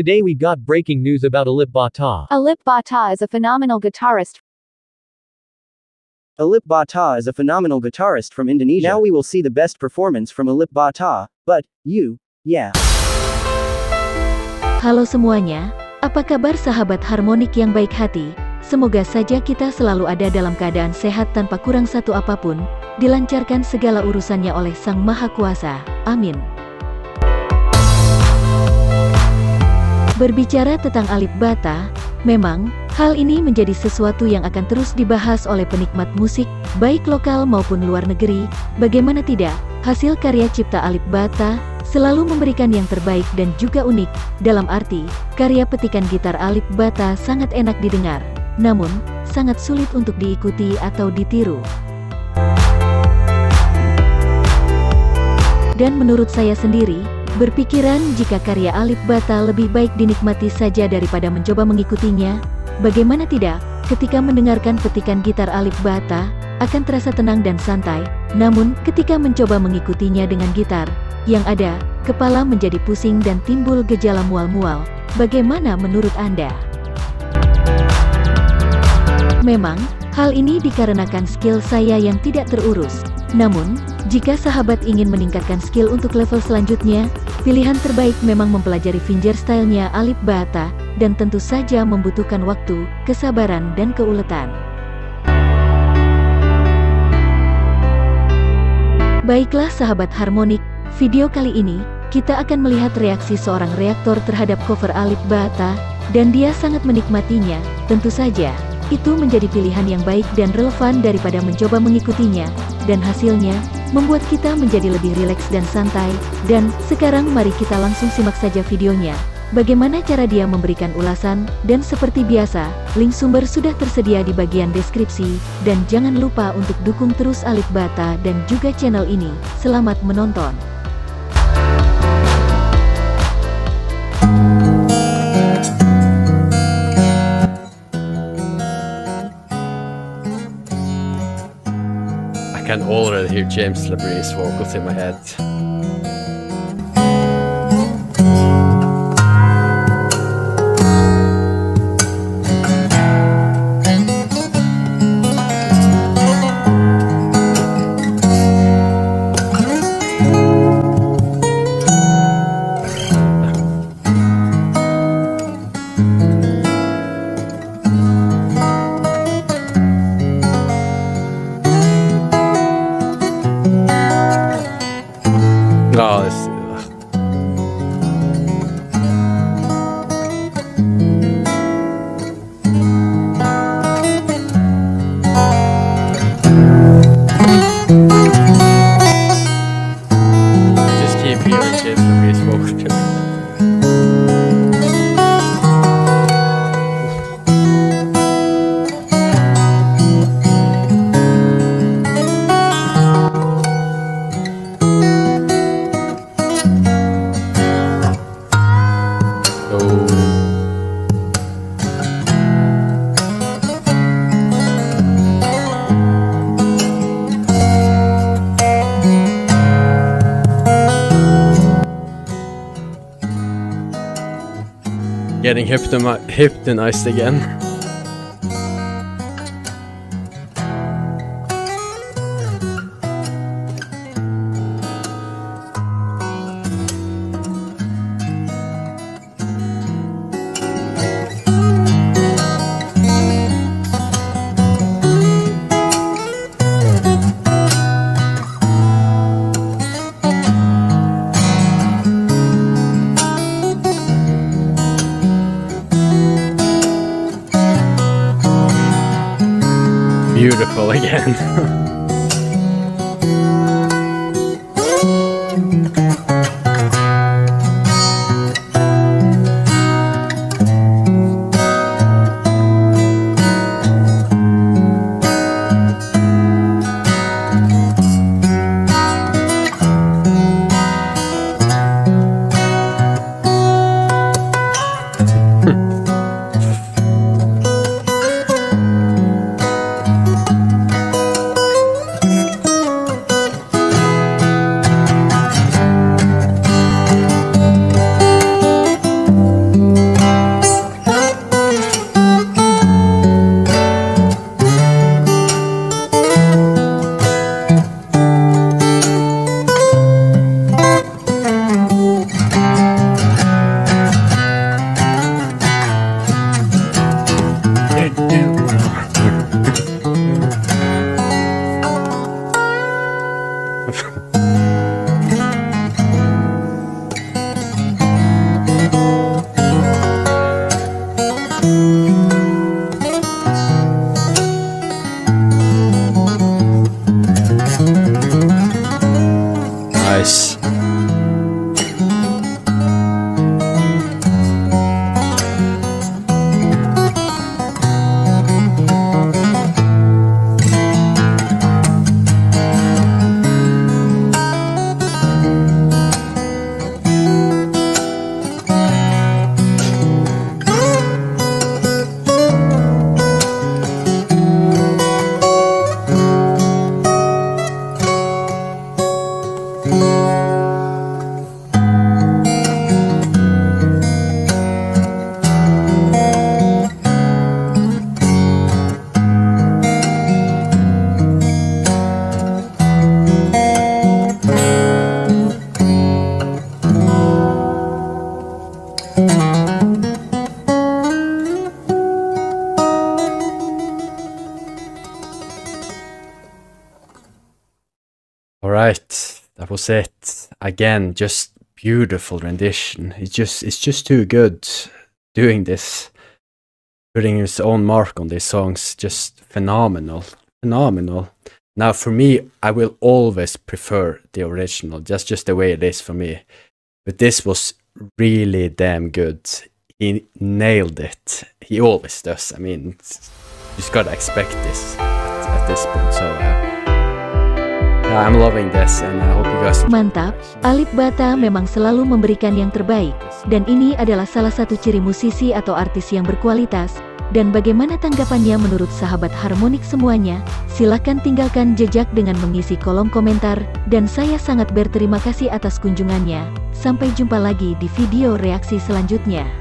Today we got breaking news about Alip Bata. Alip Bata is a phenomenal guitarist. Alip Bata is a phenomenal guitarist from Indonesia. Now we will see the best performance from Alip Bata, but, you, yeah. Halo semuanya, apa kabar sahabat harmonik yang baik hati? Semoga saja kita selalu ada dalam keadaan sehat tanpa kurang satu apapun, dilancarkan segala urusannya oleh Sang Maha Kuasa. Amin. Berbicara tentang Alip bata, memang, hal ini menjadi sesuatu yang akan terus dibahas oleh penikmat musik, baik lokal maupun luar negeri, bagaimana tidak, hasil karya cipta Alip bata, selalu memberikan yang terbaik dan juga unik, dalam arti, karya petikan gitar Alip bata sangat enak didengar, namun, sangat sulit untuk diikuti atau ditiru. Dan menurut saya sendiri, Berpikiran jika karya Alif Bata lebih baik dinikmati saja daripada mencoba mengikutinya, bagaimana tidak, ketika mendengarkan petikan gitar Alif Bata, akan terasa tenang dan santai, namun ketika mencoba mengikutinya dengan gitar, yang ada, kepala menjadi pusing dan timbul gejala mual-mual. Bagaimana menurut Anda? Memang, hal ini dikarenakan skill saya yang tidak terurus, namun, jika sahabat ingin meningkatkan skill untuk level selanjutnya, pilihan terbaik memang mempelajari fingerstyle-nya Alip Bata, dan tentu saja membutuhkan waktu, kesabaran dan keuletan. Baiklah sahabat harmonik, video kali ini, kita akan melihat reaksi seorang reaktor terhadap cover Alip Bata, dan dia sangat menikmatinya, tentu saja. Itu menjadi pilihan yang baik dan relevan daripada mencoba mengikutinya, dan hasilnya membuat kita menjadi lebih rileks dan santai. Dan sekarang mari kita langsung simak saja videonya. Bagaimana cara dia memberikan ulasan, dan seperti biasa, link sumber sudah tersedia di bagian deskripsi, dan jangan lupa untuk dukung terus Alif Bata dan juga channel ini. Selamat menonton! an already hear James Labrie's vocals in my head. go. getting hypnomi- hypnotized again. beautiful again. right, that was it. Again, just beautiful rendition. It's just it's just too good doing this, putting his own mark on these songs. Just phenomenal, phenomenal. Now, for me, I will always prefer the original. Just, just the way it is for me. But this was really damn good. He nailed it. He always does. I mean, you just gotta expect this at, at this point. So. Uh, Uh, Mantap, Alip Bata memang selalu memberikan yang terbaik, dan ini adalah salah satu ciri musisi atau artis yang berkualitas, dan bagaimana tanggapannya menurut sahabat harmonik semuanya? Silahkan tinggalkan jejak dengan mengisi kolom komentar, dan saya sangat berterima kasih atas kunjungannya. Sampai jumpa lagi di video reaksi selanjutnya.